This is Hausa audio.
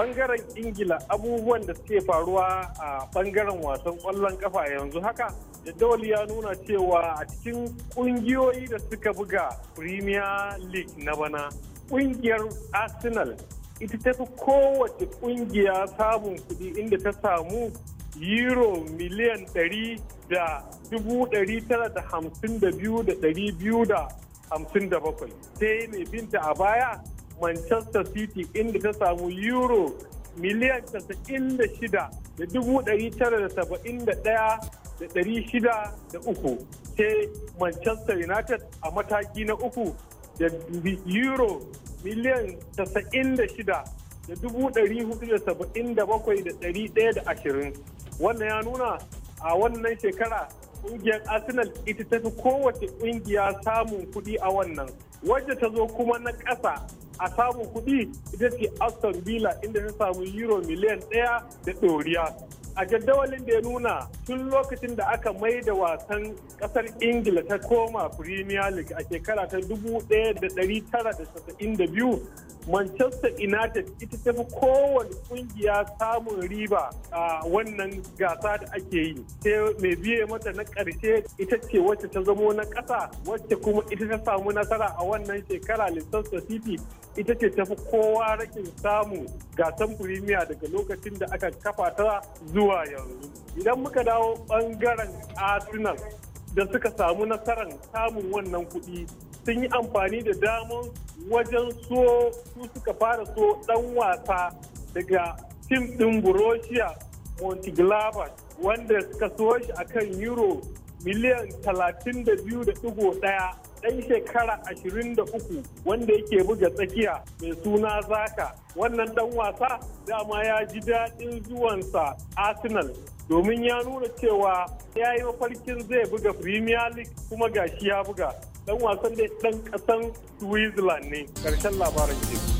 bangaren ingila abubuwan da suke faruwa a bangaren wasan kwallon kafa yanzu haka jadawali ya nuna cewa a cikin kungiyoyi da suka buga premier league na bana kungiyar arsenal ita ta fi kowace kungiya samun kuɗi inda ta samu euro miliyan 100 da 952 da 257 sai mai binta a baya manchester city inda ta samu euro miliyan 96 da dubu ɗari tara da saba'in da ɗaya da ɗari shida da uku sai manchester united a mataki na uku da euro miliyan 96 da dubu ɗari hudu da saba'in da bakwai da ɗari ɗaya da ashirin wannan ya nuna a wannan shekara ƙungiyar arsenal ita tafi kowace ƙungiya samun kuɗi a wannan wadda ta zo kuma na ƙasa a samun kuɗi ita ce aston villa inda ta samu euro miliyan ɗaya da ɗoriya a jaddawalin da ya nuna tun lokacin da aka mai da wasan kasar ingila ta koma premier league a shekara ta 1992 manchester united ita ta fi kowane kungiya samun riba a wannan gasa da ake yi sai mai biye mata na karshe ita ce wacce ta zamo na kasa wacce kuma ita ta samu nasara a wannan shekara leicester city ita ce ta fi kowa rashin samu gasan premier daga lokacin da aka kafa ta zuwa zuwa yanzu idan muka dawo bangaren arsenal da suka samu nasarar samun wannan kuɗi sun yi amfani da damar wajen so su suka fara so dan wasa daga tim din borussia monchengladbach wanda suka so shi akan euro miliyan 32.1 ɗan shekara ashirin da uku wanda yake buga tsakiya mai suna zaka wannan ɗan wasa dama ya ji daɗin zuwansa arsenal domin ya nuna cewa ya yi mafarkin zai buga premier league kuma gashi ya buga ɗan wasan da ɗan ƙasan switzerland ne ƙarshen labarin ke.